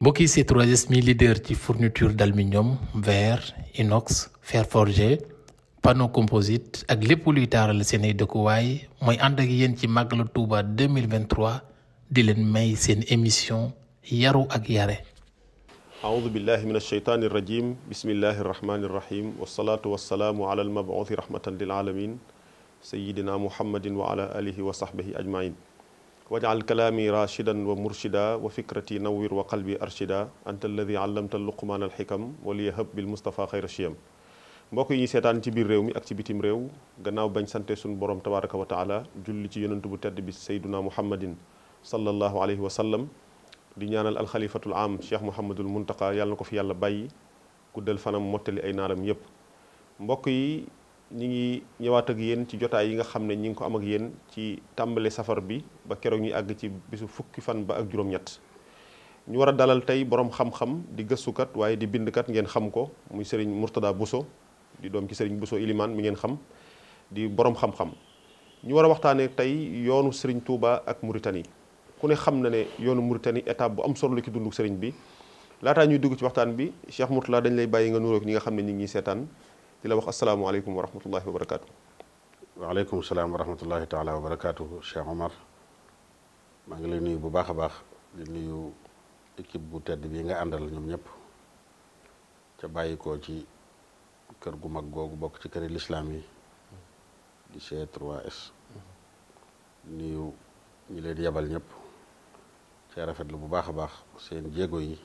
mbokki ci 3S mi leader ci fourniture d'aluminium verre inox fer forgé panneau composite ak lépp luy taaral seen ay dëkkuwaay mooy ànd ak yéen ci màggalu Touba 2023 di leen may seen émission yaru ak yare aoudu billahi min alsheytaani irrajim bismillahi irrahmani irrahim wassalaatu wassalaamu ala almabuuthi rahmatan lil alamin sayidina muhammadin wa ala alihi wa sahbihi ajmain wajal kalaami rashidan wa murshida wa fikrati nawwir wa qalbi arshida anta alladi allamta luqmaan alxikam waliyahab bil mustafa xayra shiyam mbokk yi ñu seetaan ci biir réew mi ak ci bitim réew gannaaw bañ sante suñu borom tabaraka wa taala julli ci yonent bu tedd bi sayduna muhammadin sallallahu alayhi wa sallam di ñaanal alxalifatul am cheikh muhammadul muntaqa yàlla ko fi yàlla bàyyi guddal fanam mottali ay naaram yépp mbokk yi ñi ngi ñëwaat ak yéen ci jotaay yi nga xam ne ñi ngi ko am ak yéen ci tàmbale safar bi ba keroog ñuy àgg ci bisu fukki fan ba ak juróom-ñett ñu war a dalal tey borom xam-xam di gëstukat waaye di bindkat ngeen xam ko muy sëriñ Mourtada Bousso di doom ci sëriñ Bousso Ilimaan mi ngeen xam di borom xam-xam ñu war a waxtaanee tey yoonu sëriñ Touba ak Mauritanie ku ne xam na ne yoonu Mauritanie étape bu am solo ci dundu sëriñ bi laataa ñuy dugg ci waxtaan bi Cheikh Mourtada dañ lay bàyyi nga ñi nga xam ne ñi ngi seetaan di la wax asalaamaaleykum wa rahmatullahi wa barakaatu. waaleykum salaam wa rahmatullahi taala wa barakaatu Cheikh Omar maa ngi lay nuyu bu baax a baax di nuyu équipe bu tedd bii nga àndal ñoom ñépp ca bàyyikoo ci kër gu mag googu bokk ci këri lislaam yi di C3S nuyu ñi leen yebal ñëpp ca rafetlu bu baax a baax seen jéego yi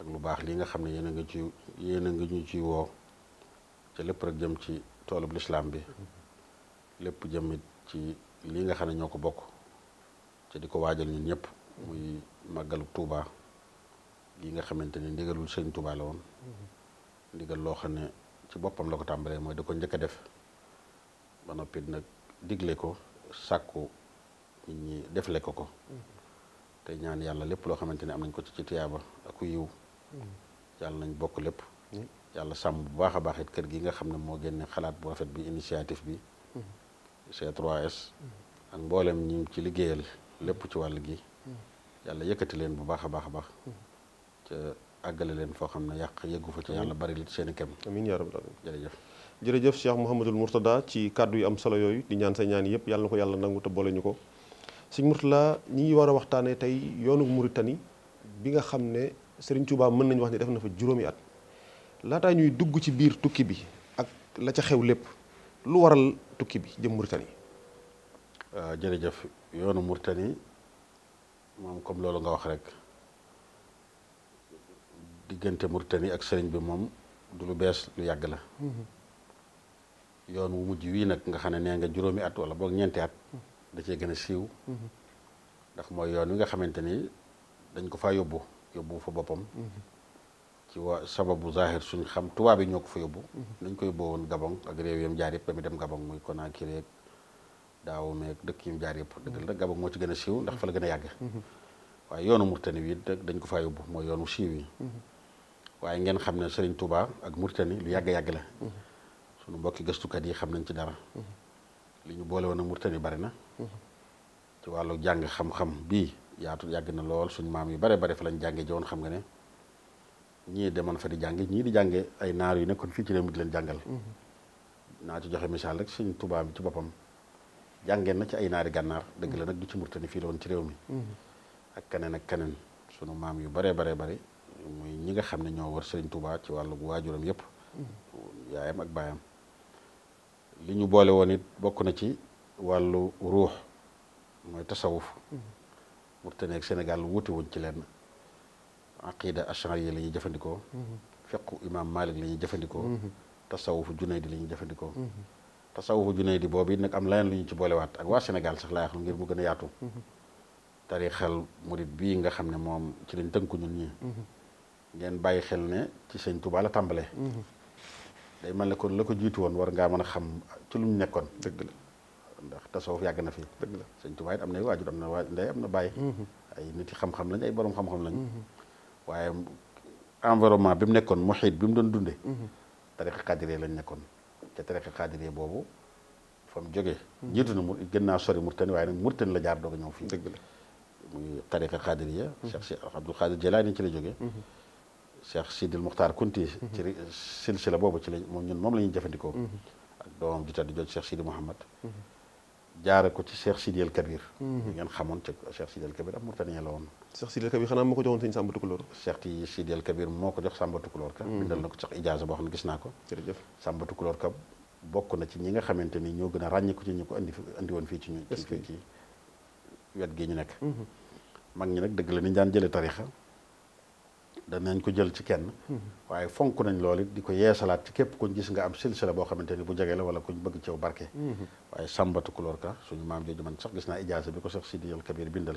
ak lu baax lii nga xam ne yéen a ngi ci yéen a ngi ñu ci woo. te lépp rek jëm ci toolub lislaam bi lépp jëmit ci lii nga xam ne ñoo ko bokk te di ko waajal ñun ñëpp muy màggalu Tuuba gi nga xamante ni ndigalul sëñ Tuuba la woon ndigal loo xam ne ci boppam la ko tàmbalee mooy da ko njëkk a def ba noppi nag digle ko sàkku nit ñi defle ko ko te ñaan yàlla lépp loo xamante ni am nañ ko ci ci tiyaaba ak yiw mm-hmm. yàlla nañ bokk lépp mm-hmm. yàlla sàmm bu baax a baax kër gi nga xam ne moo génne xalaat bu rafet bi initiative bi mm-hmm. c trois s mm-hmm. ak mboolem ñi ci liggéeyal lépp ci wàll gi mm-hmm. yàlla yëkkati leen bu baax a baax a baax ca àggale leen foo xam ne yàq yëggu fa ci yàlla bari li seen i kem amiin yaa rabbal aalamiin jërëjëf jërëjëf Cheikh Mouhamadul Mourtada ci kàddu yu am solo yooyu di ñaan sa ñaan yëpp yàlla na ko yàlla nangu te boole ñu ko sëñ Mourtada ñi ngi war a waxtaanee tey yoonu Mauritanie bi nga xam ne Serigne Touba mën nañu wax ne def na fa juróomi laataa ñuy dugg ci biir tukki bi ak la ca xew lépp lu waral tukki bi jëm Mauritanie. waaw ah, jërëjëf yoonu murtani moom comme loolu nga wax rek diggante Mauritanie ak sëriñ bi moom du lu bees lu yàgg la. Mhm. yoon wu mujj wii nag nga xam ne nee nga juróomi at wala boog ñeenti at. Mhm. da cee gën a siiw. Mhm. ndax mooy yoon wi nga xamante ni dañ ko faa yóbbu yóbbu fa boppam. ci waa sababu zahir suñ xam tubaab yi ñoo ko fa yóbbu nañ ko yóbbu woon Gabon ak réew yam jaar yëpp ba mu dem Gabon muy Conakry ak daaw meeg dëkk yam jaar yëpp dëgg la Gabon moo ci gën a siiw gën a yàgg waaye yoonu Murtani wi dañ ko faa yóbbu mooy yoonu siiw yi ngeen xam ne seriñ tubaa ak Murtani lu yàgg-yàgg la suñu mbokki gëstukat yi xam nañ ci dara li ñu boole woon ak Murtani bari na ci wàllu jàng xam-xam bii yaatu yàgg na lool suñ maam yu bare bare fa lañ jànge ji woon xam nga ne ñii demoon fa di jànge ñii di jànge ay naar yu nekkoon fii ci réew mi di leen jàngal mm-hmm. naa ci joxe misaal rek sëñ Tuubaa bi ci boppam jàngeen na ci ay naari gànnaar dëgg la nag du ci murtani fii la woon ci réew mi mm-hmm. ak keneen ak keneen sunu maam yu baree baree bare muy ñi nga xam ne ñoo war sëriñ Tuubaa ci wàllu waajuram yépp mm-hmm. yaayam ak baayam li ñu boole woon it bokk na ci wàllu ruux mooy tasawuf murtani ak Sénégal wuute wuñ ci leen aqida ashariya la ñuy jëfandikoo fiqu imam malik la ñuy jëfandikoo tasawufu junaydi la ñuy jëfandikoo tasawufu junaydi boobu it nag am leneen lu ci boolewaat ak waa Sénégal sax laay wax ngir mu gën a yaatu tarixal murit bii nga xam ne moom ci lañ tënku ñun ñi ngeen bàyyi xel ne ci sëñ Tuubaa la tàmbalee day mel ne kon la ko jiitu woon war ngaa mën a xam ci lu mu nekkoon dëgg la ndax tasawuf yàgg na fi dëgg la sëñ Tuubaa it am na waajur am na waaj ndey am na bàyyi ay nit yi xam-xam lañ ay borom xam-xam waaye environnement bi mu nekkoon muxiit bi mu doon dunde mhm. tariqa xaadiree lañ nekkoon te tariqa xaadiree boobu fa mu jóge jiitu na mu gën naa sori Murtani waaye nag Murtani la jaar doog a ñëw fii. dëgg la muy tariqa xaadiree. Mhm. Cheikh si Abdul Xaadir Jelaani ci la jógee. Mhm. Cheikh Sidil Muxtaar Kunti. ci silsila boobu ci la ñun moom la ñuy jëfandikoo. ak doomam ju tedd jooju Cheikh Sidi Mouhamad. jaare ko ci Cheikh Sidi El Kabir. Mhm. ngeen xamoon ci Cheikh Sidi Kabir am Mauritanie la woon. Cheikh Sidi El Kabir xanaa moo ko joxoon sëñ Samba Tukulóor. Cheikh Sidi El Kabir moo ko jox Samba Tukulóor ka. Mhm. bindal na ko sax ijaaza boo xam ne gis naa ko. jërëjëf Samba ka bokk na ci ñi nga xamante ni ñoo gën a ràññeeku ci ñi ko andi andi woon fii ci ñu. ci wet gi ñu nekk. Mhm. mag ñi nag dëgg la ni ñu daan jëlee tarixa danañ ko jël ci kenn waaye fonk nañ loolu it di ko yeesalaat ci képp kuñ gis nga am silsila boo xamante ni bu jege la wala kuñ bëgg ceew barke waaye sàmbatu kulóor ka suñu maam jooju man sax ko sax Sidi Al Kabir bindal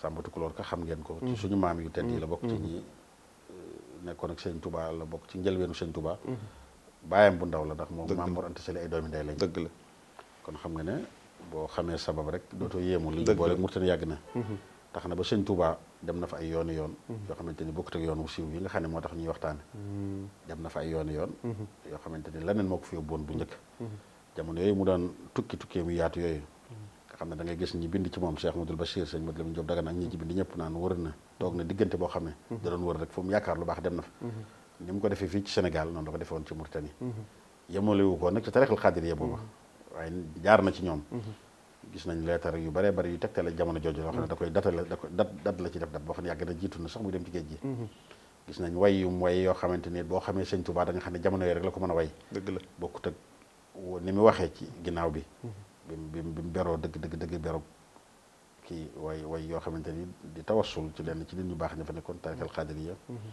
sàmbatu kulóor ka xam ngeen mm-hmm. yu tedd yi la bokk ci mm-hmm. ñi euh, nekkoon ak sëñ Touba la bokk ci njëlbeenu sëñ Touba mm-hmm. baayam bu ndaw la ndax moo maam Mor Anta Sali ay doomi ndey lañ la kon xam nga ne boo xamee sabab rek dootoo yéemu li ñu boole murtan yàgg na tax na ba sëñ Touba dem na fa ay yooni yoon mhm. yoo xamante ni bokkut ak yoon wu siiw yi nga xam ne moo tax ñuy waxtaane mhm. dem na fa ay yooni yoon mhm. yoo xamante ni leneen moo ko fi yóbboon bu njëkk jamono yooyu mu doon tukki tukkee mu yaatu yooyu nga xam ne da ngay gis ñi bind ci moom Cheikh Modou Bachir sëñ Modou Lamine Diop Dagana ak ñi ci bind ñëpp naan wër na toog na diggante boo xam ne da doon wër rek fu mu yaakaar lu baax dem na fa ni mu ko defee fii ci Sénégal noonu la ko defee woon ci ci ñoom gis nañ leetar yu bare bari yu tegtale jamono jooju loo xam ne da koy datale da koy dat dat la ci def dat boo xam ne yàgg na jiitu na sax muy dem ci géej gi mm-hmm. gis nañ way yum way yoo xamante ni boo xamee sëñ Tuubaa da nga xam ne jamono yooyu rek la ko mën a way dëgg la bokkut ak ni mu waxee ci ginnaaw bi mm-hmm. bi bi mu beroo dëgg dëgg dëgg beroo kii way way yoo xamante ni di tawassul ci lenn ci nit ñu baax ña fa nekkoon tarix al xaadiriya mm-hmm.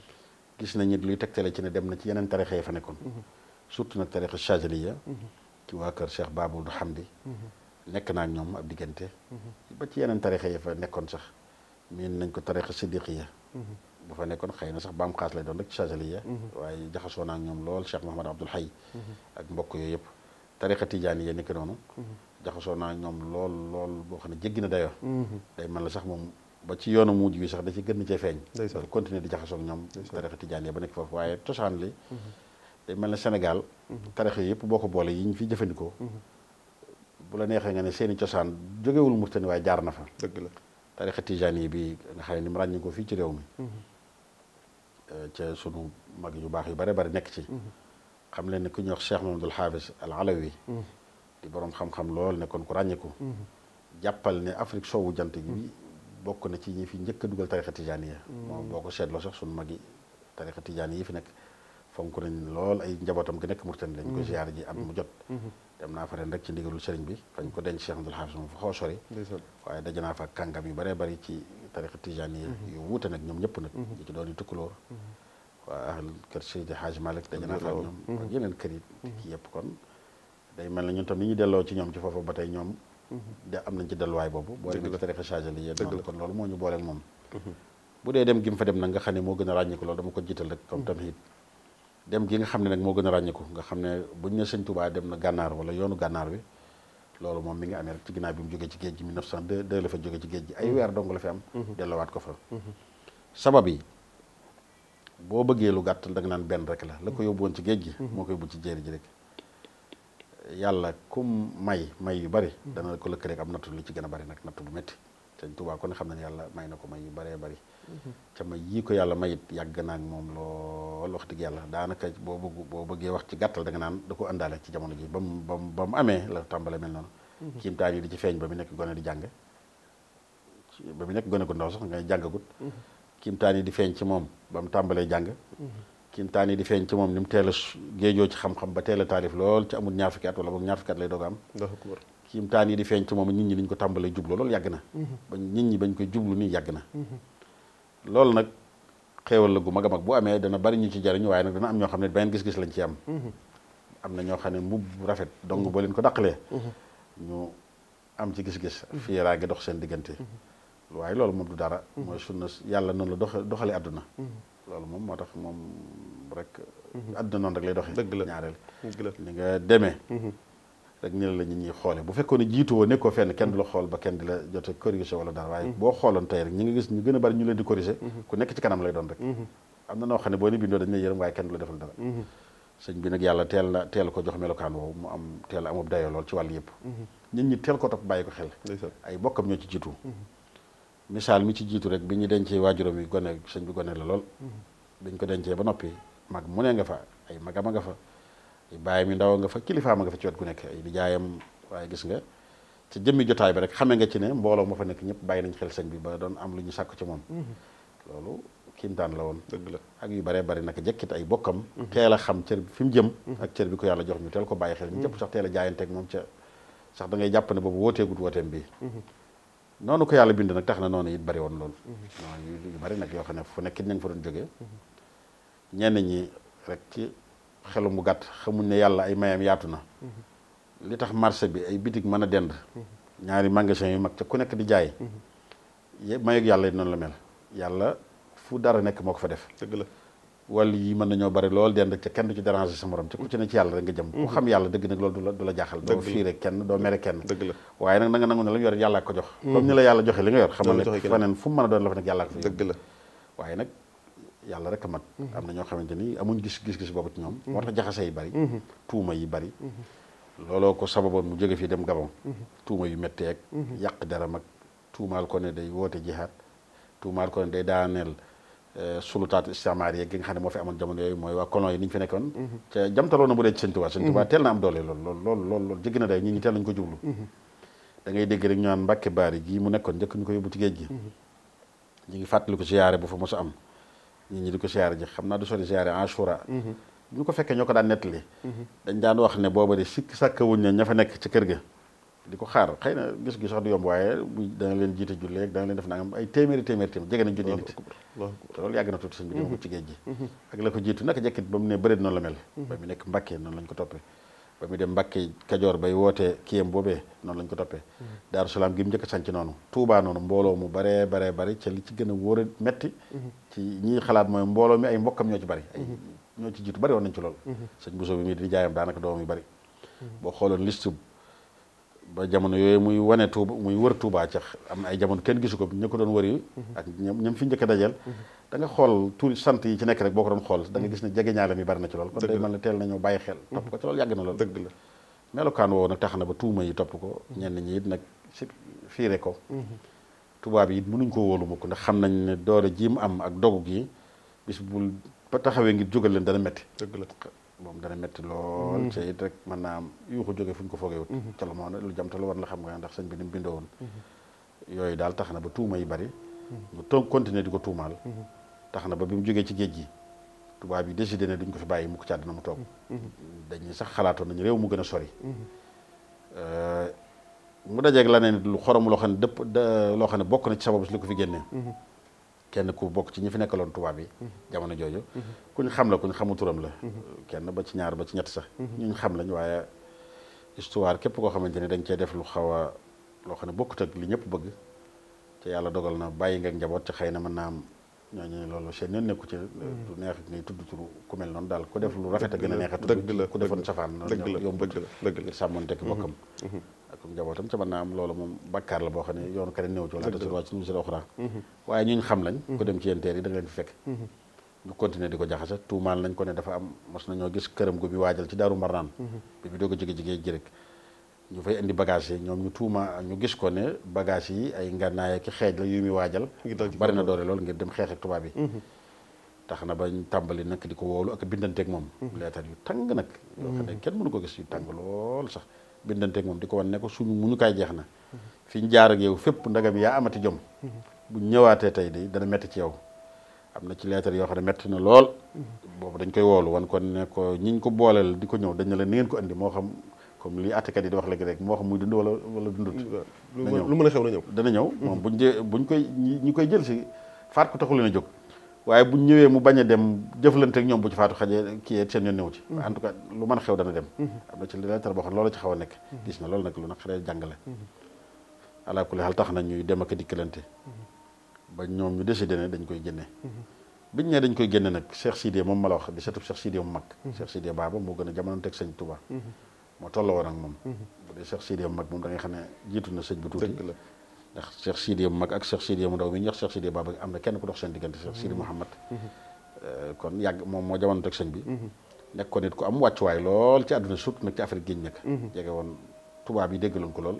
gis nañ nit luy tegtale ci ne na ci yeneen tarixa yi fa nekkoon surtout nag tarix chadiliya ci waa kër Cheikh Babul Hamdi nekk naa ñoom ab diggante. ba ci yeneen tarixa yi fa nekkoon sax miin nañ ko tarixa siddiqiya ba fa nekkoon xëy na sax baam xaas lay doon rek ci chazaliya waaye jaxasoo naa ñoom lool Cheikh Mahamad Abdoul Hay ak mbokk yooyu yëpp tarixa tijaani ya nekk noonu jaxasoo naa ñoom lool lool boo xam ne jéggi na dayoo day man la sax moom ba ci yoonu mujj bi sax da ci gën na cee feeñ loolu continuer di jaxasoo ñoom tarixa tijaani ya ba nekk foofu waaye cosaan li mhm. day mel na Sénégal mhm. tarixa yëpp boo ko boole yi ñu fi jëfandikoo mhm. bu la neexee nga ne seeni cosaan jógewul Mauritanie waaye jaar na fa. dëgg la tarixa tijani bi nga xam ni mu ràññee ko fii ci réew mi. Mhm. Euh, ca sunu mag yu baax yu bare bari nekk ci. Mhm. xam leen ne ku ñuy wax Cheikh Mamadou Xaafis al mhm. di boroom xam-xam lool nekkoon ku ràññeeku. jàppal ne Afrique soowu jant gi. bokk na ci ñi fi njëkk a dugal tarixa tijani ya moom boo ko seetloo sax sunu mag yi tarixa tijani yi fi nekk. fonk nañ lool ay njabootam gi nekk Mauritanie dañ ko mhm. ziar ji at mu jot mhm. Mhm. dem naa fa ren rek ci ndigalul sëriñ bi fañ ko denc Cheikh Abdoul Hafiz moom fa xaw sori waaye daje naa fa kàngam yu bëree bëri ci tariqa tijani yu wuute nag ñoom ñëpp nag ñi ci doon yi tukkulóor waa ahal kër Seydi yeneen kër yi yëpp kon day mel na ñu delloo ci ñoom ci foofu ba tey ñoom da am nañ ci delluwaay boobu boo demee ci tariqa chagéli yéen kon loolu moo ñu booleel moom bu dee dem gi mu fa dem nag nga xam ne moo gën a ràññiku loolu dama ko jiit rek comme tamit dem gi nga xam ne nag moo gën a ràññeeku nga xam ne bu ñu ne sëñ Touba dem na gànnaar wala yoonu gànnaar wi loolu moom mi ngi amee rek ci ginnaaw bi mu jógee ci géej gi 1902 la fa jógee ci géej gi ay weer dong la fi am. Mm-hmm. delluwaat ko fa. Mm-hmm. sabab yi boo bëggee lu gàttal da nga naan benn rek la la ko yóbbu woon ci géej gi. Mm-hmm. moo ko yóbbu ci ji rek. yàlla kum may may yu bari. dana ko lëkk rek am nattu li ci gën a bari nag nattu bu métti sëñ ko kon xam na yàlla may na ko may yu baree bari. ca may yii ko yàlla mayit yàgg naa ak moom lool wax dëgg yàlla daanaka boo bëgg boo bëggee wax ci gàttal da naan da ko àndaale ci jamono ji ba mu ba ba mu amee la tàmbale mel noonu mhm. di ci feeñ ba mu nekk gone di jàng ba mu nekk gone gu ndaw sax ngay jàngagut mhm. kiimtaan di feeñ ci moom ba mu tàmbalee jàng mhm. kiimtaan yi di feeñ ci moom ni mu teel a géejoo xam-xam ba teel a lool ci amul ñaar fukki at wala lay doog a am kiimtaan yi di feeñ ci moom nit ñi niñ ko tàmbalee jublu lool yàgg na bañ nit ñi bañ koy jublu nii yàgg na loolu nag xéewal la gu mag a mag bu amee dana bari ñu ci jariñ waaye nag dana am ñoo xam ne benn gis-gis lañ ci am am na ñoo xam ne mbubb rafet dong boo leen ko daqalee ñu am ci gis-gis fiiraa gi dox seen diggante waaye loolu moom du dara mooy sunna yàlla noonu la dox doxale àdduna loolu moom moo tax moom rek àdduna noon rek lay doxee dëgg la ñaareel ni nga demee rek ni la ñu ñuy xoolee bu fekkoon ne jiitu woo nekkoo fenn kenn du la xool ba kenn di la jot a corrigé dara waaye mm-hmm. boo xooloon tey ñi nga gis ñu gën a bari ñu leen di corrigé mm-hmm. ku nekk ci kanam lay doon rek mm-hmm. am na noo xam ne boo ne bindoo dañ lay yërëm waaye kenn du la defal dara sëñ bi nag yàlla teel na teel ko jox melokaan woowu mu am teel a amub dayoo lool ci wàll yëpp nit ñi teel ko topp bàyyi ko xel ay bokkam ñoo ci jiitu misaal mi ci jiitu rek bi ñu dencee waajuram yi gone sëñ bi gone la lool dañ ko dencee ba noppi mag mu ne nga fa ay magama nga fa bàyyi mi ndaw nga fa kilifaama nga fa ci wet gu nekk di jaayam waaye gis nga ci jëmmi jotaay bi rek xamee nga ci ne mbooloo ma fa nekk ñëpp bàyyi ba doon am lu ñu sàkk ci moom mm-hmm. loolu kiimtaan la woon la ak yu baree bari nag jekkit ay bokkam mm-hmm. teel a xam cër fi mu jëm mm-hmm. ak cër bi ko yàlla jox ñu teel ko bàyyi xel ñu ñëpp sax teel a moom sax da jàpp ne boobu wooteegut wooteem bi noonu ko yàlla bind nag tax na noonu it bari woon loolu yu bari nag yoo xam ne fu nekk ñu fa doon jógee ñenn ñi rek xelu mu gàtt xamuñ ne yàlla ay mayam yaatu na mm-hmm. li tax marché bi ay bitig mën a dend mm-hmm. ñaari magasin yu mag ca ku nekk di jaay mm-hmm. mayog yàlla noonu la mel yàlla fu dara nekk moo ko fa def dëgg la wàll yi mën nañoo bari lool dend ca kenn du ci déranger sa morom ca ku ci ne ci yàlla rek jëm ku xam yàlla dëgg nag loolu du la jaaxal doo fiire kenn doo mere kenn dëgg la waaye nag na nga nangu ne la mu yor yàllaa ko jox comme ni la yàlla joxe li nga yor xamal ne fu a yàlla rek a mat mhm. am na ñoo xamante ni amuñ gis gis-gis boobu ci ñoom mhm. moo tax jaxase yi bari mhm. tuuma yi bari looloo ko sababoon mu jóge fii dem Gabon tuuma yu méttee ak yàq deram ak tuumaal ko ne day woote jihaad tuumaal ko ne day daaneel euh, sulutaat istimaar yeeg gi nga xam ne moo fi amoon jamono yooyu mooy waa colon yi ni fi nekkoon te jamtaloo na bu dee ci sëñ teel na am doole lool lool lool lool lool jéggi na day ñi ñi teel nañ ko jublu da ngay dégg rek ñu naan Mbàkke gii mu nekkoon njëkk ko yóbbu ci géej gi ñu ngi fàttali ko ziyaare bu fa mos a am ñi ñi di ko siyaare ji xam naa du sori siyaare Ashura ñu mhm. ko fekkee ñoo ko daan nettali mhm. dañ daan wax ne booba de sikki sàkkawuñ ne ña fa nekk ci kër ga di ko xaar xëy na gis gi sax du yomb waaye dana leen jiite julleeg dana leen def nangam ay téeméeri téeméeri téeméer jege nañ junni nit te loolu yàgg na tuuti sëñ bi mhm. ci géej gi ak la ko jiitu naka jekkit ba mu ne bëreet noonu la mel ba mu nekk Mbàkke noonu lañ ko toppee ba mu dem Mbàkke Kajoor bay wootee kiyam boobee noonu lañ ko toppee mm-hmm. Daaru Salaam gi mu njëkk a noonu Tuubaa noonu mbooloo mu bare baree bari ca li ci gën a wóor a metti mm-hmm. ci ñi xalaat mooy mbooloo mi ay mbokkam ñoo ci bari ay mm-hmm. ñoo ci jiitu bari woon nañ ci lool sëñ Bousso bi mii di jaayam daanaka doom yu bari boo xooloon liste ba jamono yooyu muy wane Tuuba muy wër Tuuba ca am ay jamono kenn gisu ko ñu ko doon wër yi ak ñoom ñoom fi njëkk a dajeel danga nga xool tur sant yi ci nekk rek boo ko doon xool da nga gis ne jegeñaale mi bari na ci lool kon day mel ne teel nañoo bàyyi xel mm-hmm. topp ko ci lool yàgg na lool dëgg la melokaan woowu nag tax na ko mm-hmm. ñenn ñi it nag si ko mm-hmm. tubaab yi it mënuñ koo wóolu mukk ndax xam nañ ne doole jiim am ak dogu gi bis bu ba taxawee ngir jógal leen dana metti dëgg la moom dana metti lool ca it rek mën naa am yuuxu jóge fu ñu ko foogewut ca la moo lu jam te lu war la xam nga ndax sëñ bi ni mu bindoo woon yooyu daal tax na ba tuuma yi bari ñu toog continuer di ko tuumaal tax na ba bi mu jógee ci géej gi tubaab yi décidé ne duñ ko fi bàyyi mukk ci àddina mu toog mm-hmm. dañuy sax xalaatoon nañu réew mu gën a sori mm-hmm. euh, mu dajeeg la ne lu xorom loo xam ne dëpp loo xam ne bokk na ci sababu si li fi génnee mm-hmm. kenn ku bokk ci ñi fi nekkaloon tubaab yi jamono jooju kuñ xam la kuñ xamu turam la kenn ba ci ñaar ba ci ñett sax ñuñ xam lañ waaye histoire képp koo xamante ne dañ cee def lu xaw a loo xam ne bokkut ak li ñëpp bëgg te yàlla dogal na bàyyi nga njaboot ci xëy na mën naa am ñooñu loolu seen yoon nekku ci du hmm. neex ngay tudd turu ku mel noonu daal ku def lu rafet a gën a neex a tudd ku defoon safaan yombut ngir sàmmoon hmm, hmm, loolu moom bakkaar la boo xam ne yoonu keneen néew ci wala suñu si oxra waaye ñuñ xam lañ ku dem ci yéen teer leen fekk ñu continuer di ko jaxase tuumaal nañ ko ne dafa am mos nañoo gis këram gu bi waajal ci daaru mbarnaan bi bi doog a jige-jigee jërek ñu fay indi bagage yi ñoom ñu tuuma ñu gis ko ne bagage yi ay ngànnaay ki xeej la yu muy waajal bari na doole loolu ngir dem xeex ak tubaab yi mhm. tax na ba bañ tàmbali nag di ko woolu ak bindanteek moom mhm. leetar yu tàng nag yoo mhm. kenn mënu ko gis yu tàng lool sax bindanteeg moom di ko wan ne ko suñu munu kaay jeex na fi ñu jaar ak fépp ndagam yaa amati jom bu ñëwaatee tey de dana metti ci yow am na ci leetar yoo xam ne metti na lool boobu dañ koy woolu wan ko ne ko ñiñ ko booleel di ko ñëw dañ ne la ni ngeen ko indi moo xam comme li àttekat di wax léegi rek moo xam muy dund wala wala dundut. lu mën a xew na ñëw dana ñëw. Mm-hmm. moom buñ jë buñ koy ñi koy jël si faat ko taxul leen a jóg waaye ñëwee mu bañ a dem jëflante ak ñoom bu ci faatu xaje kii seen yoon ñëw ci. Mm-hmm. en tout cas lu mën a xew dana dem. Mm-hmm. am na boo xam ne loolu ci xaw a nekk. gis na loolu nag lu nag xëy na jàngale. alaa kulli xel tax na ñuy dem ak dikkalante. ba ñoom ñu décidé ne dañ koy génne. biñ ne dañ koy génne nag Cheikh Sidé moom ma la wax di setub Cheikh Sidé mu mag. Cheikh Sidé Baba moo gën a jamono teg sëñ Touba moo tolloo woon ak moom. Mhm. bu dee Cheikh Sidiya mag moom da ngay xam ne jiitu na sëñ bi tuuti. dëgg la ndax Cheikh Sidiya mag ak Cheikh Sidiya mu ndaw mi ñax Cheikh Sidiya Baba am na kenn ku dox seen diggante Cheikh Sidi Mouhamad. Mhm. Mhm. Euh, kon yàgg moom moo jamono teg sëñ bi. nekkoon nit ko am wàccuwaay lool ci àdduna surtout nag ci Afrique gi ñu nekk. jege woon tubaab yi dégg déggaloon ko lool.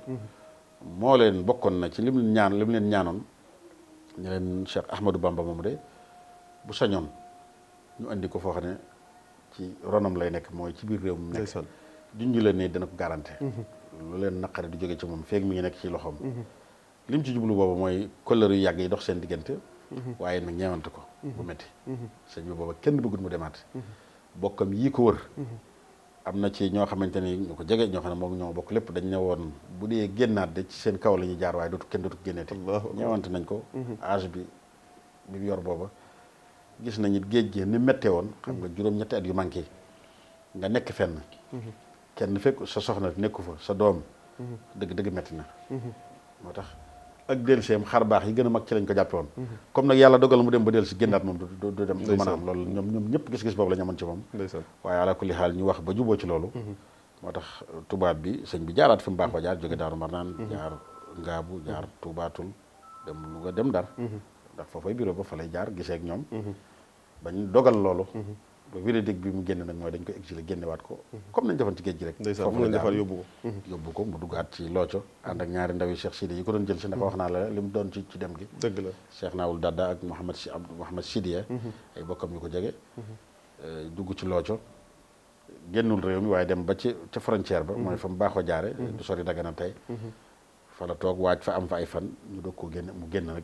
moo leen bokkoon na ci lim ñaan lim leen ñaanoon ñu leen Cheikh Ahmadou Bamba moom de bu sañoon ñu andi ko foo xam ne ci ronam lay nekk mooy ci biir réew mi nekk. junj la ne dana ko garanté. lu leen naqari du jóge ci moom feek mi ngi nekk ci loxoom. lim ci jublu boobu mooy kóllëre yu yàgg yi dox seen diggante. waaye nag ñeewante ko. bu métti. sëñ bi booba kenn bëggut mu demaat. bokkam yii am na ci ñoo xamante ni ñu ko jege ñoo xam ne moom ñoo bokk lépp dañ ne woon bu dee génnaat de ci seen kaw la ñuy jaar waaye dootu kenn dootu génneeti. ñeewante nañ ko. Mhm. âge bi bi mu yor booba. gis nañu géej gi ni woon. xam nga juróom-ñetti at yu manqué nga nekk fenn. Mhm. kenn fekk sa soxna nekku fa sa doom dëgg dëgg metti na moo tax ak delseem xar baax yi gën a mag ci lañ ko jàppe woon comme nag yàlla dogal mu dem ba del si génnaat moom du dem a am loolu ñoom ñoom ñëpp gis-gis boobu la ñu amoon ci moom waaye ala kulli xaal ba juboo ci loolu mhm. moo tax tubaab bi sëñ bi jaaraat fi mu baaxoo jaar jóge daaru marnaan mhm. jaar ngaabu jaar tuubaatul dem lu nga dem dar mhm. ndax foofay bureau ba fa lay jaar gisee ak ñoom bañ dogal loolu ba véridique bi mu génn nag mooy dañ ko exilé génnewaat ko mhm. comme nañ defoon ci géej gi rek yóbbu ko mhm. yóbbu ko mu duggaat ci looco ànd ak ñaari ndawi Cheikh Sidi yi ko doon jël si ndax wax naa la li mu doon ci ci dem gi dëgg la Cheikh Naawul Dada ak Mouhamed si Abdou Mouhamed Sidiya mhm. ay bokkam yu ko jege euh, dugg ci looco génnul réew mi waaye dem ba ci ca frontière ba mooy fa mu baaxoo jaare du sori na tey fa la toog waaj fa am fa ay fan ñu dog koo génn mu génn nag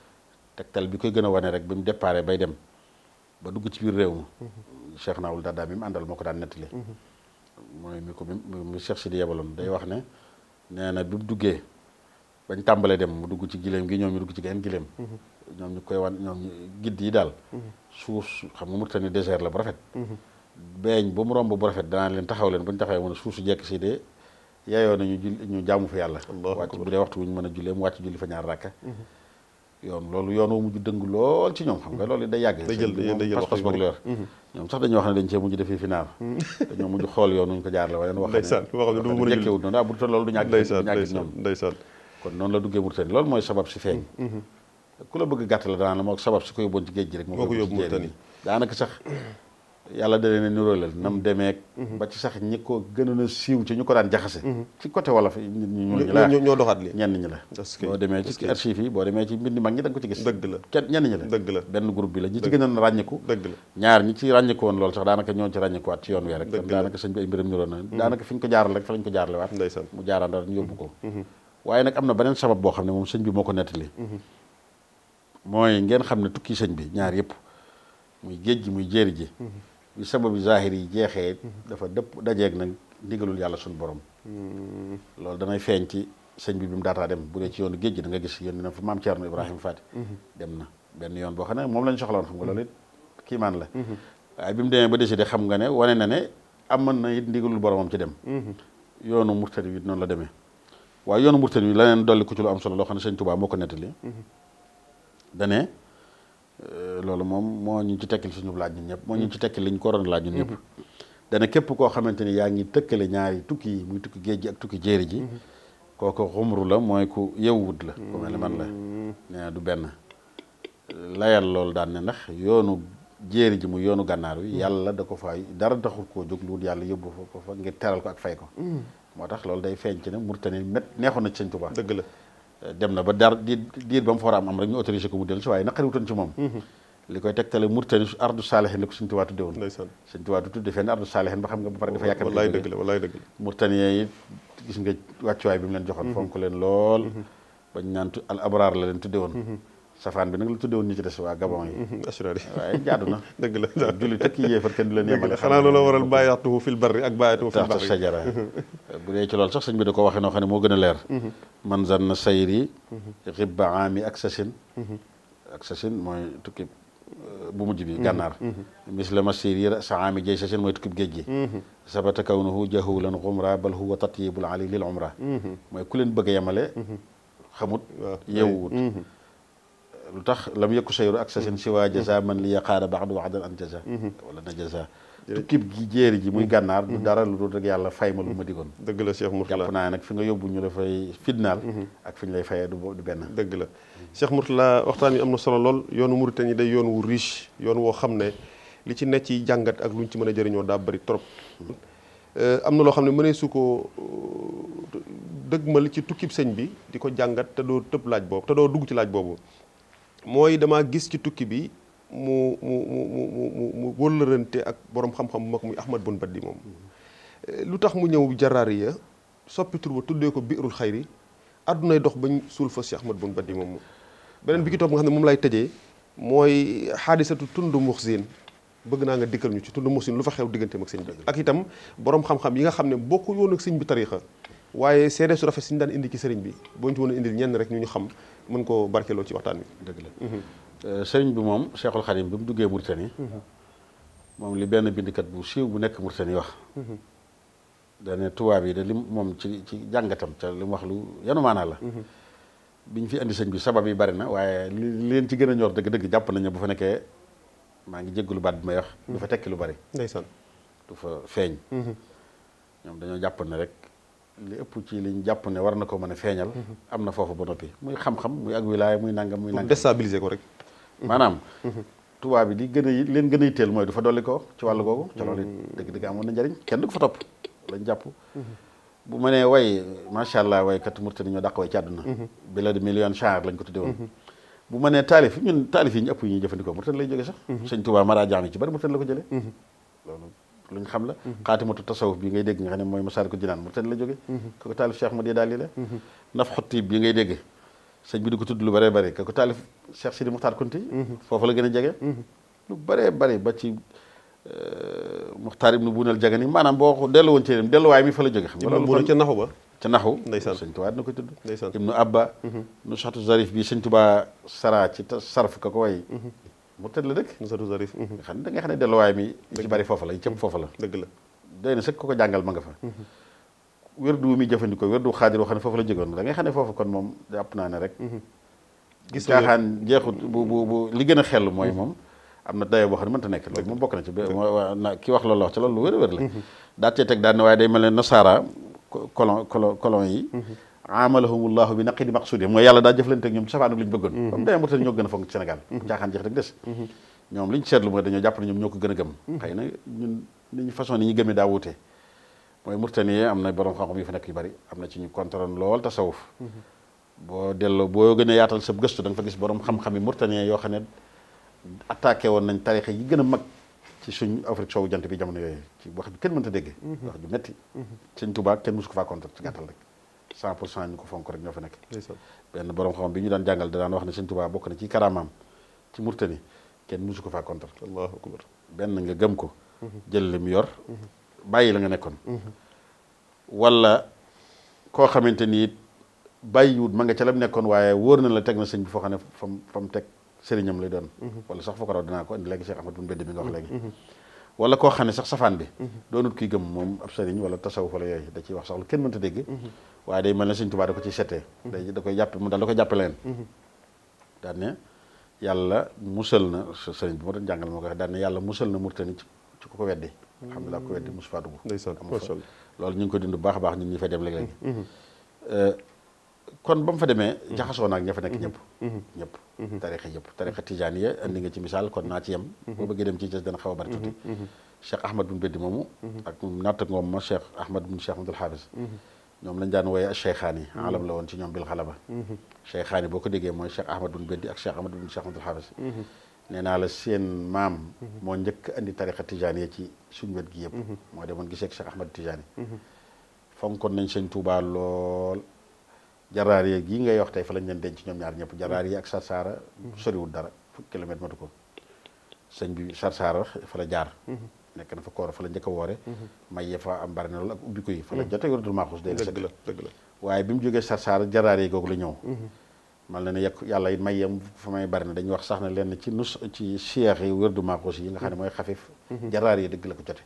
tegtal bi koy gën a wane rek bi mu déparé bay dem ba dugg ci biir réew mi. Cheikh Naawul Dada mi mu àndal moo ko daan nettali. mooy mi ko mi Cheikh si di yebaloon day wax ne nee na bi mu duggee bañ tàmbalee dem mu dugg ci gileem gi ñoom ñu dugg ci geneen gileem. ñoom ñu koy wan ñoom ñu yi daal. suuf xam nga mu désert la bu rafet. beeñ ba mu romb bu rafet danaa leen taxaw leen bu ñu taxawee mën a suuf su jekk si de yaayoo na ñu julli ñu jaamu fa yàlla. wàcc bu dee waxtu wu ñu mën a jullee mu wàcc julli ñaar rakka. yoon loolu yoon wu dëng lool ci ñoom xam nga loolu day yàgg. day jël day jël pas-pas boog leer ñoom sax dañuy wax ne dañ cee mujj defee finaar mhm. dañoo mujj wax ndeysaan wax ne du mën a jëkkewut ah, bu du ñàkk ñàkk mooy sabab si feeñ mhm. ku la bëgg gàtt la daanaka sax yàlla da leen a nam demeek ba ci sax ñi ko gënoon a siiw ci ñu ko daan jaxase ci côté wolof yi ñu ñu la ñoo doxaat li ñi la boo demee ci archive yi boo demee ci mbind mag ñi da nga ko ci gis bi la ñi ci ñaar yëpp muy géej muy jéeri ji mm-hmm. bi sababu zahir yi jeexee dafa dëpp dajeeg nag ndigalul yàlla suñu borom hmm. loolu danay feeñ ci sëñ bi bi mu daataa dem bu dee ci yoonu géej gi da nga gis yónni na fa maam Thierno Ibrahima Fati hmm. boo xam ne moom lañ soxlawoon xam nga loolu it kiimaan la hmm. waaye mu demee ba décidé xam nga ne wane na ne am mën na it ndigalul boromam ci dem yoonu murtani wi noonu la demee waaye yoonu murtani wi laneen dolli ku ci lu am solo loo xam ne sëñ Tuubaa moo ko nettali dane Euh, loolu moom moo ñu ci tekkil suñu laaj ñun ñëpp moo ñu mm. ci tekkil liñ ko doon laaj ñun ñëpp mm-hmm. dana képp koo xamante ni yaa ngi tëkkale ñaari tukki yi muy tukki géej gi tukki jéeri ji mm-hmm. kooku xumru la mooy ku yewwut la ku mel ni man la mm-hmm. du benn layal loolu daan ne ndax yoonu jéeri ji mu yoonu gànnaar wi yàlla da ko fay dara taxul koo jóg lu wut yàlla yóbbu ko fa ngir teral ko ak fay ko moo tax loolu day feeñ ci ne Mauritanie met neexoon na ci Sëñ dëgg la dem na ba dar di diir ba mu foora am am rek ñu autorisé ko mu dellu si waaye naqari wutoon ci moom li koy tegtale murtani ardu saalihin li ko suñ tudde woon suñ tubaab tudde fenn ardu saalihin ba xam nga ba pare dafa yàkkam wallaay bi mu leen joxoon mm-hmm. fonk leen lool mm-hmm. bañ naan al abraar la leen tudde woon mm-hmm. safaan bi nag la tuddewoon ñi ci des waa Gabon yi. Mhm, assuré waaye jaadu na. dëgg la julli tekki yéefar kenn du leen yemale. xanaa loolu waral bàyyaatu fil barri ak sajara mhm. bu dee sax sëñ bi da ko waxee noo xam ne moo gën a leer. Mhm. man zanna sayri. xibba aami ak sasin. ak sasin mooy tukki euh, bu mujj bi gànnaar. misla ma sayri sa aami jay sasin mooy tukki géej gi. sabata kawnuhu jahulan xumra bal huwa tatyibul ali lil umra. mooy ku leen bëgg a xamut yeewut. lu tax lam yëkku sayru ak sa seen mm-hmm. siwaa waa mm-hmm. man li yaqaara baax du wax an jaza mm-hmm. wala na jaza tukkib gi jéeri ji muy gànnaar du dara lu dul rek yàlla fay ma lu ma digoon dëgg la Cheikh Mourtala jàpp naa nag nga yóbbu ñu dafay fitnaal ak fi lay fayee du benn dëgg la Cheikh Mourtala waxtaan yi am na solo lool yoonu Mauritanie day yoon wu riche yoon woo xam ne li ci nekk ci jàngat ak luñ ci mën a jëriñoo daa bari euh, am na loo xam ne mënee su ko euh, dëgg ma li ci tukkib sëñ bi di ko jàngat te doo tëb laaj boobu te doo dugg ci laaj boobu mooy damaa gis ci tukki bi mu mu mu mu mu mu wëllërante ak borom xam-xam bu mag muy Ahmad Bun Baddi moom eh, lu tax mu ñëw jaraariya soppi tur tuddee ko biirul xayri àddunay dox bañ suul fa si Ahmad Bun Baddi moom beneen bi ki topp nga xam ne moom lay tëjee mooy xaadisatu tund muxsin bëgg naa nga dikkal ñu ci tund muxsin lu fa xew digganteem ak sëñ bi ak itam borom xam-xam yi nga xam ne bokku yoon ak sëñ bi tariixa waaye seede su rafet si ñu daan indi ci sëriñ bi boo ñu ci woon rek ñu ñu xam mën koo barkeloo ci waxtaan bi dëgg la euh, sëriñ bi moom Cheikhul Khadim bi mu duggee Mauritanie moom li benn bindkat bu siiw bu nekk Mauritanie wax dane tubaab yi de li moom ci ci jàngatam ca li mu wax lu yanu maanaa la biñ fi indi sëñ bi sabab yi bari na waaye li leen ci gën a ñor dëgg-dëgg jàpp nañ bu fa nekkee maa ngi lu baat bi may wax du fa tekki lu bari ndeysaan du fa feeñ mhm. ñoom dañoo jàpp ne rek li ëpp ci liñ jàpp ne war na ko mën a feeñal. Mhm. am na foofu ba noppi muy xam-xam muy ak wilaaya muy nangam muy nangam. déstabiliser ko rek. maanaam. Mhm. tubaab bi di gën a leen gën a yitteel mooy du fa dolli ko ci wàllu googu. ca mhm. loolu dëgg-dëgg amoon na njëriñ kenn du fa topp lañ jàpp. bu ma nee way macha allah waykat Mauritanie ñoo dàq way ci ko tuddee woon. bu ma nee taalif ñun taalif yi ñu ëpp yi ñuy jëfandikoo Mauritanie lay jógee sax. sëñ Tuubaa Mara Jaam yi ci bari Mauritanie la ko jëlee. loolu lu ñu xam la xaatimatu tasawuf bi ngay dégg nga xam ne mooy masaal ko jinaan Mauritanie la jóge ka ko taalif Cheikh Madi Daali la naf xotti bi ngay dégg sëñ bi di ko tudd lu bëree bëri ka ko taalif Cheikh Sidi Muxtaar Kunti foofu la gën a jege lu bëree bëri ba ci euh, Muxtaar ibnu Buunal Jagani maanaam boo dellu woon ci delluwaay mi fa la jóge xam nga loolu ca naxu ba ca naxu ndeysaan sëñ Tubaa dina koy tudd ndeysaan ibnu Abba mhm. nu saxtu zarif bi sëñ Tubaa sara ci sarf ka ko mu tëdd la dëkk Moussa Tousa Riff nga xam ne da nga xam ne delluwaay mi ci bari foofu la yi cëm foofu la dëgg la doy na sëkk ko ko jàngal ma nga fa mm-hmm. wérdu wu muy jëfandikoo wérdu xaadir woo xam ne foofu la jógoon na ngay xam ne foofu kon moom jàpp naa ne rek mm-hmm. gis caaxaan jeexut bu bu bu li gën a xel mooy mm-hmm. moom am na dayoo boo xam ne nekk loolu moom bokk na ci na ki wax loolu la wax ci loolu wér wér la daat teg daan ne waaye day mel ne nasaara colon colon colon yi amalahum llahu bi naqidi maqsuudi mooy yàlla daa jëflante ñoom safaanu li ñu bëggoon mhm. comme dañoo Mauritanie ñoo gën a fonk ci Sénégal mhm. caaxaan jeex rek des mhm. ñu seetlu mooy gëm xëy na ñun niñu façon ni ñu gëmee daa wuute mooy Mauritanie am na borom xam-xam yu fa nekk yu bari am na ci ñu contrôle lool tasawuf boo delloo boo gën a yaatal sab gëstu da nga fa gis borom xam-xam yi Mauritanie yoo xam ne attaqué woon nañ tarixe yi gën a mag ci suñ Afrique soowu jant bi jamono yooyu ci wax bi kenn mënta dégg wax ju metti sëñ Tuubaa kenn mosu ko faa contre ci gàttal rek cent pour cent ñu ko fonk rek ñoo fa nekk benn borom xam bi ñu daan jàngal da daan wax ne Sëñ Tuubaa bokk na ci karaamaam ci murtani kenn musu ko faa contre Allahu akbar benn nga gëm ko mhm. jël li mu yor mhm. bàyyi la nga nekkoon mhm. wala koo xamante ni it bàyyiwut ma nga waaye wóor na la teg na sëñ bi foo xam ne fam fam teg sëriñam lay doon wala sax foo ko raw dinaa ko indi léegi Cheikh Ahmadou Mbedd mi nga wax léegi wala koo xam ne sax safaan bi doonut kuy gëm moom ab sëriñ wala tasawuf wala yooyu da ciy wax sax lu kenn mënta dégg waaye day mel ne Sëriñ Tuubaa da ko ciy seetee da koy jàppe mu daal da koy jàppe la daan ne yàlla musal na sëriñ bi moo doon jàngal moo ko wax daan ne yàlla musal na murtani ci ko ko weddi xam ne laa ko weddi mosu faa dugg loolu ñu ngi ko dund baax a baax ñun ñu fay dem léeg-léeg mm-hmm. euh, kon ba mu fa demee jaxasoo naag ña fa nekk mm-hmm. ñëpp mm-hmm. ñëpp mm-hmm. tarixa yëpp tarixa tijaaniya andi nga ci misaal kon naa ci yem boo bëggee dem ci des dana xaw a bari tuuti cheikh ahmad bin beddi ak natta ngoom ma cheikh ahmad bin cheikh abdul hafiz ñoom lañ daan wooye ak cheikhaani alam la woon ci ñoom bil xalaba boo ko déggee mooy cheikh ahmad bin beddi ak cheikh ahmad bin cheikh abdul hafiz nee naa la seen maam moo njëkk andi tarixa tijaaniya ci suñu wet gi yëpp moo demoon gisee ak cheikh ahmad tijaani fonkoon nañ sëñ Tuubaa lool jaraar yeeg yi ngay wax tey fa lañ leen denc ñoom ñaar ñëpp jaraar yi ak sarsaara soriwul dara fukki kilomètre matu ko sëñ bi sarsaara fa la jaar mhm. nekk na fa koor fa la njëkk woore mhm. may ya fa am bari na loolu ak ubbi ko yi fa la mhm. jote waratul maaxus day dëgg la dëgg la waaye bi mu jógee sarsaara jaraar yeeg la ñëw man la ne yekk yàlla it may yam fa may bari na dañuy wax sax na lenn ci nus ci seex yi wërdu maaxus yi nga xam ne mooy xafif jaraar yi dëgg la ko jote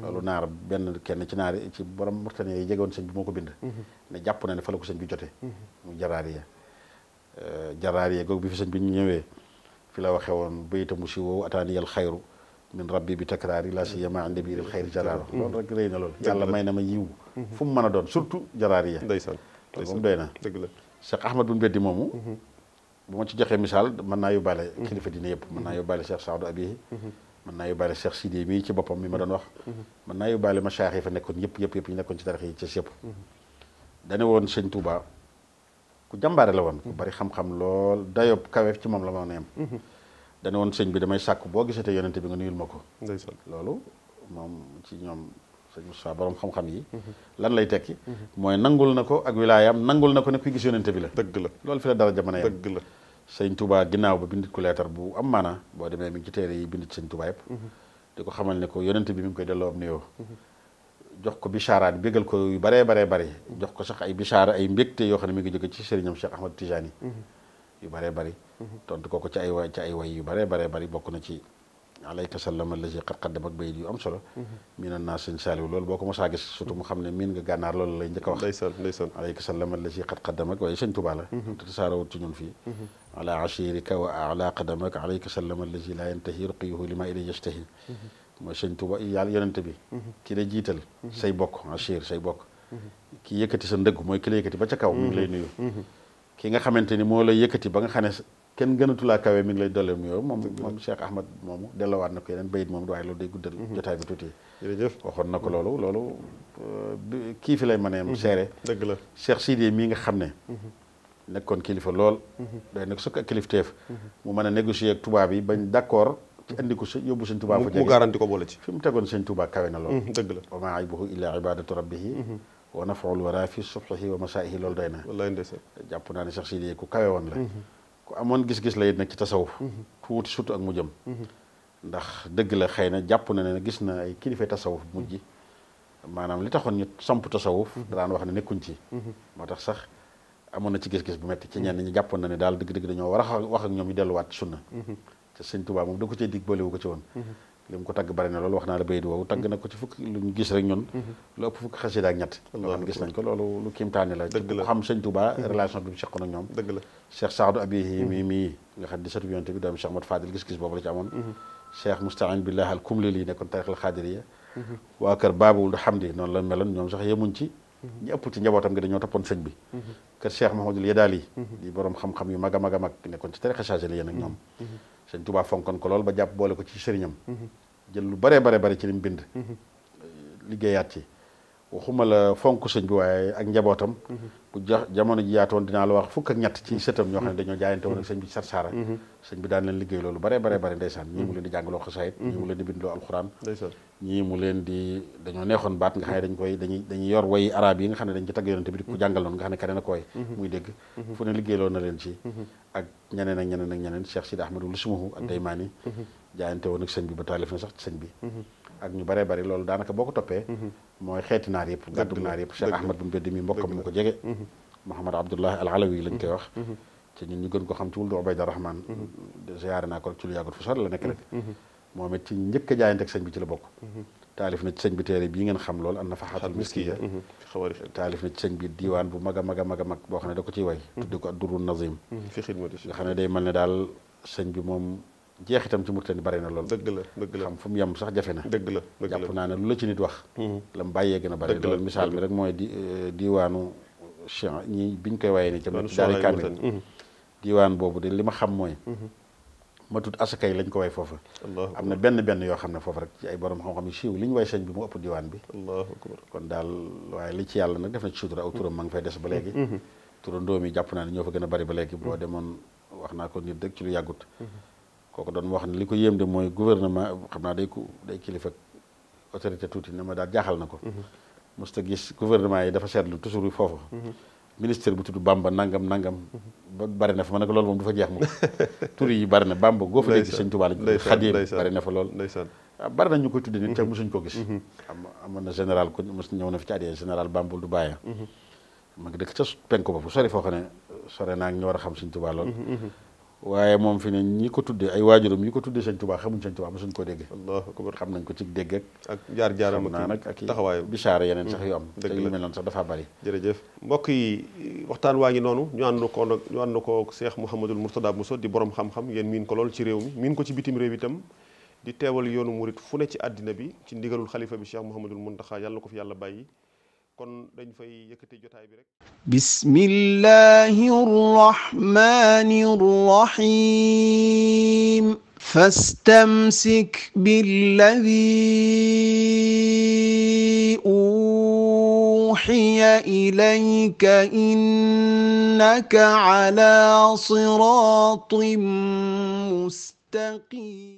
loolu naar benn kenn ci naar ci borom Mauritanie yi jegewoon sëñ bi moo ko bind mhm. ne jàpp na ne fa la ko sëñ bi jotee mhm. mu jaraariya euh, jaraariya googu bi fi sëñ bi ñëwee fi la waxee woon bayta mu si woowu ataaniyal xayru min rabbi bi takraari la si yama inde biiril xayri jaraaro mhm. loolu rek rëy na loolu yàlla may na ma yiw fu mu mën a doon surtout jaraariya ndeysaan moom na dëgg la Cheikh Ahmad bu Mbeddi moomu bu ma ci joxee misaal man naa yóbbaale kilifa dina yëpp man naa yóbbaale Cheikh Saadou Abiy mën naa yóbbaale Cheikh Sidé mii ci boppam mi ma doon wax mhm. mën naa yóbbaale ma chaax yi fa nekkoon yëpp yëpp yëpp ñu nekkoon ci tarix yi ci yëpp mhm. dane woon sëñ Touba ku jambaare la woon ku mhm. bari xam-xam lool dayob kaweef ci moom la ma ne am dane woon sëñ bi damay sàkk boo gisatee yonente bi nga nuyul ma ko loolu moom ci ñoom sëñ Moussa borom xam-xam yi lan lay tekki mooy nangul na ko ak wilaayam nangul na ko ne kuy gis yonente bi la dëgg la loolu fi la dara jamono yam dëgg la sëñ Touba ginnaaw ba bindit ko leetar bu am maana boo demee mi ngi ci téere yi bindit sëñ Touba yëpp mhm. di ko xamal ne ko yonent bi mi ngi koy delloo am nuyoo mhm. jox ko bicharaat bégal ko yu baree baree bari jox ko sax ay bichara ay mbégte yoo xam ne mi ngi jóge ci sëriñam Cheikh Ahmad Tijani mhm. yu baree bari tontu ko ko ci ay way yu baree bare bari bokk na ci alayka sallam allazi qad qaddam ak bayit yu am solo miinan naa boo ko mosaa gis surtout xam ne miin nga gànnaar loolu lay njëkk a wax ndeysaan ndeysaan alayka sallam allazi qad qaddam ak waaye sëñ Touba la te tasaarowut ci ñun fii ala ashirika wa ala qadamak alayka sallama allazi la yantahi ruqiyuhu lima ilay yastahi mooy sëñ Tuba yàlla yonente bi ki la jiital say bokk ashir say bokk ki yëkkati sa ndëgg mooy ki la yëkkati ba ca kaw mi ngi lay nuyu nga xamante ni moo lay yëkkati ba nga xam ne kenn gënatulaa kawe mi ngi lay dollem yow moom moom Cheikh Ahmad moomu delloowaat na ko yeneen bayit moom waaye loolu day guddal mhm. jotaay bi tuuti jërëjëf waxoon euh, fi lay mënee mhm. seere dëgg la Cheikh Sidi mii nga xam ne mhm. nekkoon kilifa lool. day nekk sukk ak kilifteef. mu mën a négocier ak tubaab yi bañ d' accord. ci ko sa yóbbu sëñ tubaab. fa jege mu garanti ko boole fi mu tegoon sëñ tubaab kawe na lool. Mm-hmm, dëgg la wa maa aybuhu illaa ibadatu rabbihi wa naf'ul wara fi subhihi wa masaa'ihi jàpp naa ne Cheikh Sidi ku kawe woon la. Mm-hmm. ku amoon gis-gis la it nag ci tasawuf. tuuti mm-hmm. surtout ak mu jëm. ndax dëgg la xëy na jàpp na ne gis na ay kilifa tasawuf mujj maanaam li taxoon ñu samp tasawuf daan wax ne nekkuñ ci. moo tax sax amoon na ci gis-gis bu metti ci ñenn ñi jàppoon na ne daal dëgg-dëgg dañoo war a wax ak ñoom ñu delluwaat ci sunna mhm. te sëñ moom da ko ci woon mhm. li mu ko ci fukk luñ mhm. ko loolu lu kiimtaani la ci ko xam di noonu la meloon ñoom sax yemuñ ci ñi ëpp ci njabootam gi dañoo toppoon sëñ bi kër Cheikh Mahmadul Yadaali di borom xam-xam yu mag a mag a mag nekkoon ci tarixa Chaadiliya nag ñoom sëñ Tuubaa fonkoon ko lool ba jàpp boole ko ci sëriñam jël lu bare bare bare ci lim bind liggéeyaat ci waxuma la fonk sëñ bi waaye ak njabootam bu ja jamono mm-hmm. jaayante woon ak sëñ bi sar mm-hmm. sëñ bi daan leen liggéey loolu bare bare bare mm-hmm. ndeysaan ñii mu leen di jàngaloo xasaayit ñii mu leen di bindloo alxuraan ñii mu leen di dañoo neexoon baat nga xam ne dañ koy dañuy yor way arab yi nga xam ne dañ ci tagg yonante bi di ko jàngaloon nga xam ne keneen a koy muy dégg fu ne liggéeyloo na leen ci ak ñeneen ak ñeneen ak ñeneen Cheikh Sidi Ahmadou Lusumuhu ak Daymaani jaayante woon mooy xeeti naar yëpp gàddu naar yëpp Cheikh Ahmad bu Mbedd mi mbokkam mu ko jege mhm. Mouhamad Abdullah al Alawi lañ koy mhm. wax te mhm. ñun ñu gën ko xam ci wuldu Ubayda Rahman ziyaare naa ko ci lu yàggut fu sori la nekk rek moom ci njëkk a jaayanteeg sëñ ci la bokk taalif na ci sëñ bii ngeen xam lool an nafaxatul miskiya taalif na ci sëñ bu mag a mag a a mag boo xam ne da ko ciy way tuddi ko ad nazim nga day mel ne daal sëñ moom jeex jeexitam ci Mauritanie bari na lool. dëgg la dëgg la xam fu mu yem na. dëgg la la jàpp naa ne lu la ci nit wax. Mhm. la mu bàyyee gën a bari. dëgg la loolu misaal bi rek mooy di eh, diwaanu Chian ñi biñ koy waaye ni ca daari mhm. boobu de li ma xam mooy. Mhm. matut asakay lañ ko way foofa. am na benn benn yoo xam ne rek ay borom xam-xam yu siiw li ñu way sëñ bi mu ëpp waaye li ci yàlla nag def na ci sutura ma ngi fay des ba léegi. turandoo mi jàpp naa ne ñoo fa gën a bari ba léegi boo demoon wax naa ko nit rek ci lu yàggut kooku doon wax ne li ko yéem de mooy gouvernement xam naa day kilifa autorité tuuti ne ma daal jaaxal na ko. Mhm. musta gis gouvernement yi dafa seetlu toujours foofu. Mhm. ministère bu tudd Bamba nangam nangam. Mhm. ba bari na fa ma ne ko loolu moom du fa jeex moom. tur yi bari na Bamba goo fa dégg sëñ Tuubaa lañ Xaadim bari na fa lool. Ah, bari na ñu koy tuddee nit te mosuñ ko gis. am amoon na général ko mos ñëw na fi ci général Bambul du bàyyi. ma ngi dëkk ca penku ba fu sori foo xam ne a waaye moom fi ne ñi ko tuddee ay waajuram ñi ko tuddee sëñ Tuubaa xamuñ sëñ Tuubaa mosuñ ko dégg Allahu akbar xam nañ ko ci dégg ak ak jaar jaaram ak naa nag ak taxawaayam bichaara yeneen sax mm-hmm. yu am te yu noonu sax dafa bari jërëjëf mbokk yi waxtaan waa ngi noonu ñu ànd ko nag ñu ànd ko Cheikh Mouhamadul Mourtada Bousso di borom xam-xam yéen miin ko lool ci réew mi miin ko ci bitim réew itam di teewal yoonu murit fu ne ci àddina bi ci ndigalul xalifa bi Cheikh Mouhamadul Mountakha yàlla ko fi yàlla bàyyi kon dañ fay yëkkati jotaay bi rek bismillahi rrahmani rrahim fastamsik billadi أوحي إليك إنك على صراط مستقيم